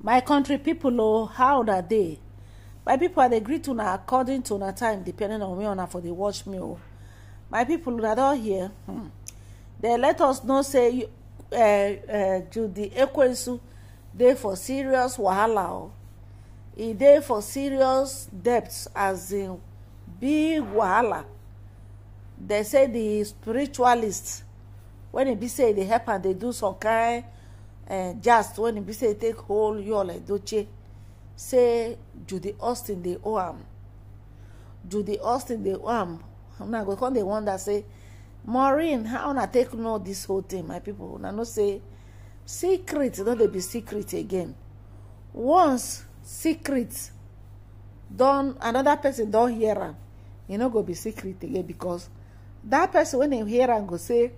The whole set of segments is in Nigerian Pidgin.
my country people oh how na dey my people i dey greet una according to una time depending on where una for dey watch me o oh. my people una don hear hmm. dey let us know say uh, uh, judy ekwensu dey for serious wahala o oh. e dey for serious debt as in big wahala dey say the spiritualist when e be say e dey help am dey do some kind Eh, just when e be say take hold yul edoche say judy austin dey owe am judy austin dey owe am una go come dey wonder say maureen how una take know this whole thing my people. una know say secret no dey be secret again once secret don another person don hear am e no go be secret again because that person wey dem hear am go say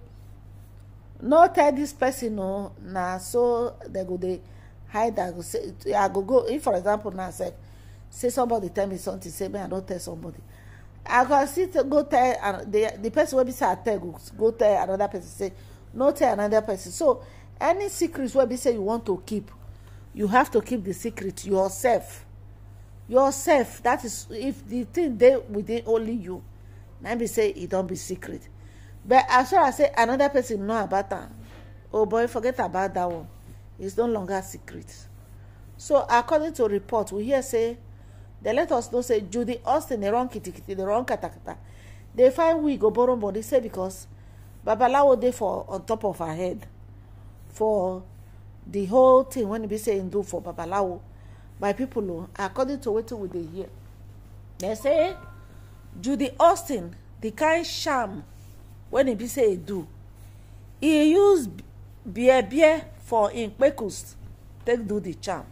no tell this person no na so they go dey hide i go say i go go if for example now say, say somebody tell me something say me i don tell somebody i go still go tell the the person wey be say i tell go go tell another person say no tell another person so any secret wey be say you want to keep you have to keep the secret yourself yourself that is if the thing dey within only you na be say e don be secret but as far as say another person know about am oh boy forget about that one it's no longer secret so according to report we hear say dem let us know say judy austin dey run kitikiti dey run katakata dey find wig go borrow money say because babalawo dey for on top of her head for the whole thing when e be say im do for babalawo my people o oh, according to wetin we dey hear dem say judy austin the kind charm when e be say e do e use beer beer for im kpekus take do the charm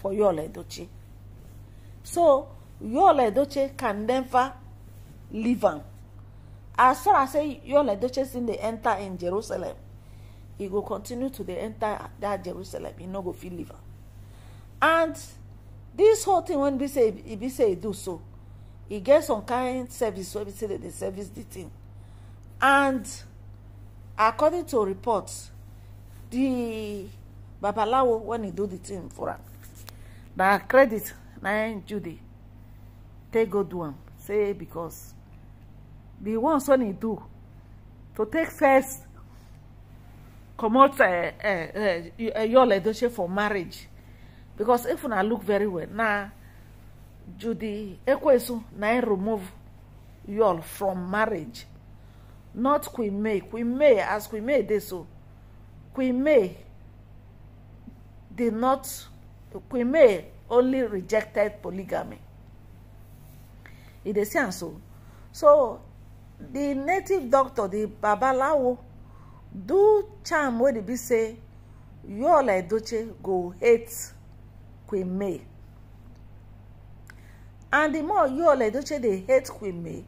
for Yul Edochie so Yul Edochie can never leave am as far as say Yul Edochie still dey enter in Jerusalem e go continue to dey enter that Jerusalem e no go fit leave am and this whole thing when be say e be say e do so e get some kind service wey be say dem dey service the thing and according to reports the babalawo when he do the thing for am na credit na judy take go do am say because the ones when he do to take first comot uh, uh, uh, Yul for marriage because if una look very well na Judy Ekwesu na remove Yul from marriage not queen may queen may as queen may dey so queen may did not queen may only rejected polygamy e dey see am so so the native doctor the babalawo do charm wey dey be say Yul Edochie go hate queen may and the more Yul Edochie dey hate queen may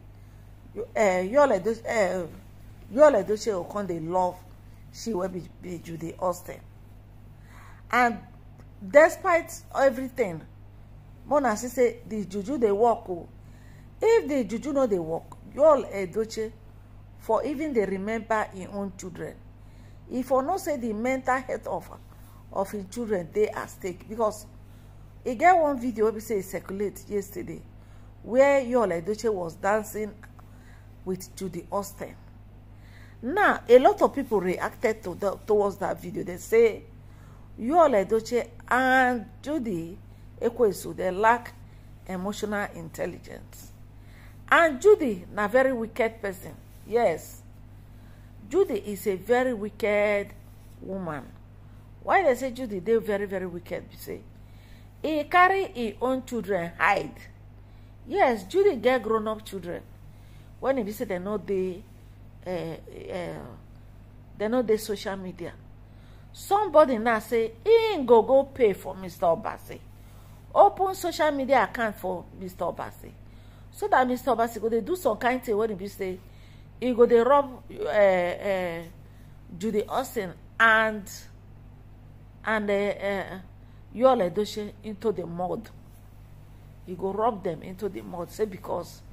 yul edoche okon they love she will be be Judy Austin. and despite everything mona she say the juju they work if the juju no they work yul doche, for even they remember in own children if for know say the mental health of of im children they at stake because, e get one video we say e circulate yesterday where yul doche was dancing with Judy Austin. Now, a lot of people reacted to the, towards that video. They say, Yul Edochie and Judy Ekwesu, they lack emotional intelligence. And Judy, a very wicked person. Yes. Judy is a very wicked woman. Why they say Judy, they very, very wicked, you say. He carry his own children, hide. Yes, Judy get grown-up children when e be say dem no dey dem no dey social media somebody now say im go go pay for mr obasi open social media account for mr obasi so that mr obasi go dey do some kind thing when e be say e go dey rob eh, eh, judy austin and and yul eh, edoche into the mud e go rob dem into the mud say because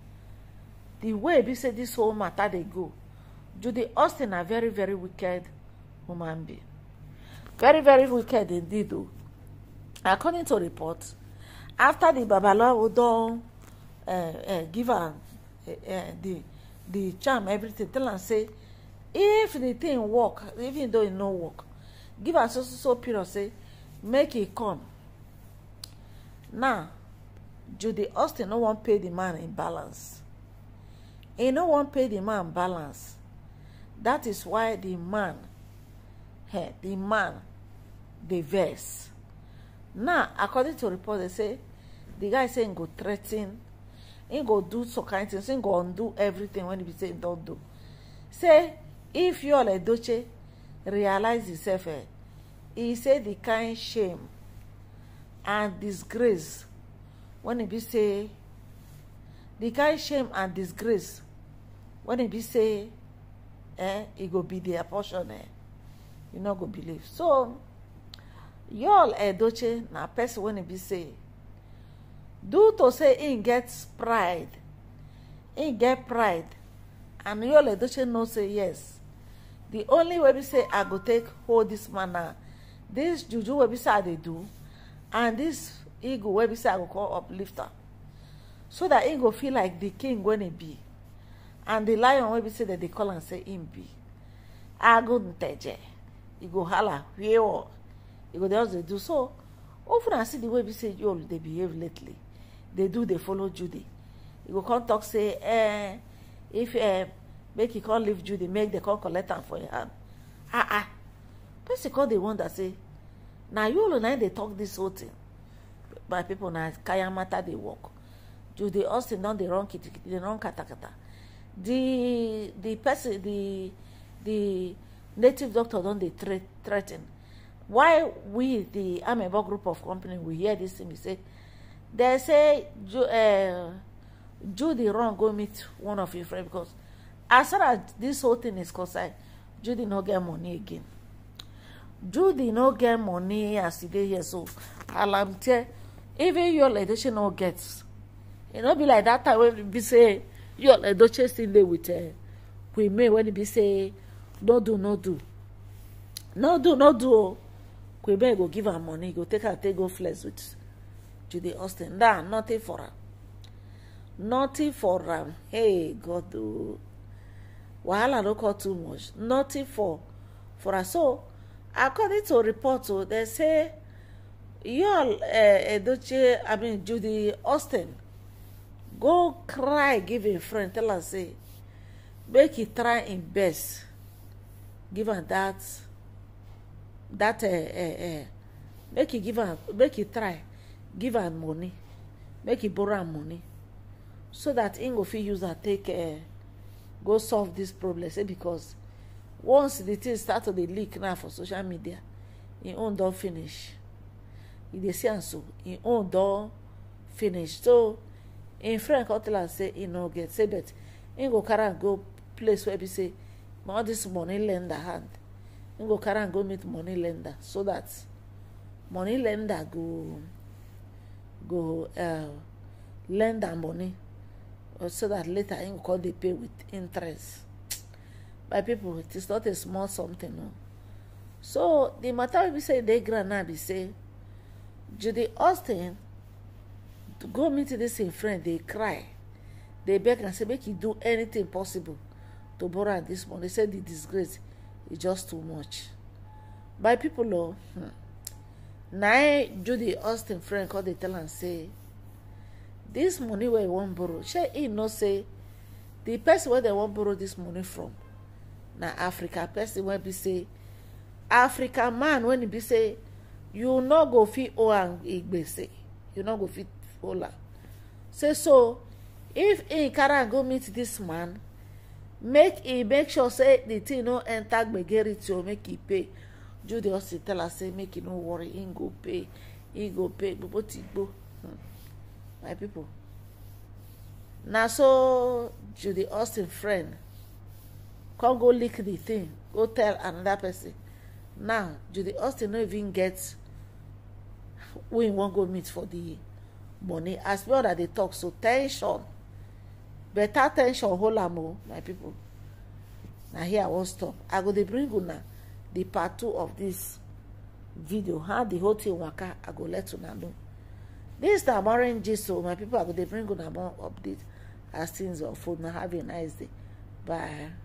the way be say this whole matter they go judy austin na very very wicked woman being very very wicked indeed o according to report after di babalawo don give eh, eh, the the charm everything tell am say if the thing work even though it no work give am so so so period say make it come now judy austin no wan pay the man in balance e no wan pay the man balance that is why the man hey, the man dey vex now according to report they say the guy say him go threa ten him go do some kind things him go undo everything when he be say him don do say if yul edoche realize himself eh, he say the kind shame and disgrace when he be say the kind shame and disgrace when e be say eh e go be their portion eh you no go believe so yall edoche eh, na person when e be say due to say im get pride im get pride and yall edoche eh, know say yes the only way be say i go take hold this man na this juju wey be say i dey do and this eagle wey be say i go call uplifter so that him go feel like the king wen e be and the lion wey be say dem dey call am say him be agunteje e go hala wiewo e go just dey do so often i see the way be say yolu dey behave lately dey do dey follow judy e go come talk say eh if eh make he come leave judy make dem come collect am for im hand ah ah person come dey wonder say na yolo na im dey talk this whole thing my people na kaya matter dey work to the austin don dey run kitikiti dey run katakata the the person the the native doctor don dey threaten why we the amebo group of company we hear this thing be say they say ju uh, judy run go meet one of im friend because as far as this whole thing is concerned judy no get money again judy no get money as e dey here so alamte even your lady she no get e no be like that time when wey be say you edoche eh, still dey with eh, queen may when e be say no do no do no do no do o oh. queen may go give am money go take her take go flex with judy austin nah nothing for am nothing for am hey god o wahala no come too much nothing for for am so according to report o oh, dem say yall edoche eh, i mean judy austin go cry give him friend tell am say make he try him best give am that that uh, uh, uh, make he give am make he try give am money make he borrow am money so that him go fit use am take uh, go solve this problem say because once the thing start to dey leak now for social media him own don finish you dey see am so him own don finish so im friend come tell am say e no get say but im go carry am go place wey be say all this money lender hand im go carry am go meet money lender so that money lender go go uh, lend am money so that later im go come dey pay with interest by people it is not a small something no so the matter wey be say e dey ground now be say judy austin to go meet this im friend dey cry dey beg am say make e do anything possible to borrow am this money say the disgrace e just too much my people o oh, hmm, na judy austin friend come dey tell am say this money wey e wan borrow shey he know say the person wey dem wan borrow this money from na africa person wey be say african man wey e be say you no go fit owe am gbese you no go fit Ola. Say so, if Nkara go meet this man, make he make sure say the thing no enter gbegeri till make e pay. Jude also tell her say make he no worry, He go pay, He go pay, gbogbo ti gbo. Hmm. My people. Na so Judy Austin friend come go lick the thing, go tell another person. Now Judy Austin no even get who he wan go meet for the money as well that they talk so tension better tension hold am o oh, my people na here i wan stop i go dey bring una the part two of this video how the whole thing waka i go let una know this na morning gist o oh, my people i go dey bring una more update as things unfold na have a nice day bye.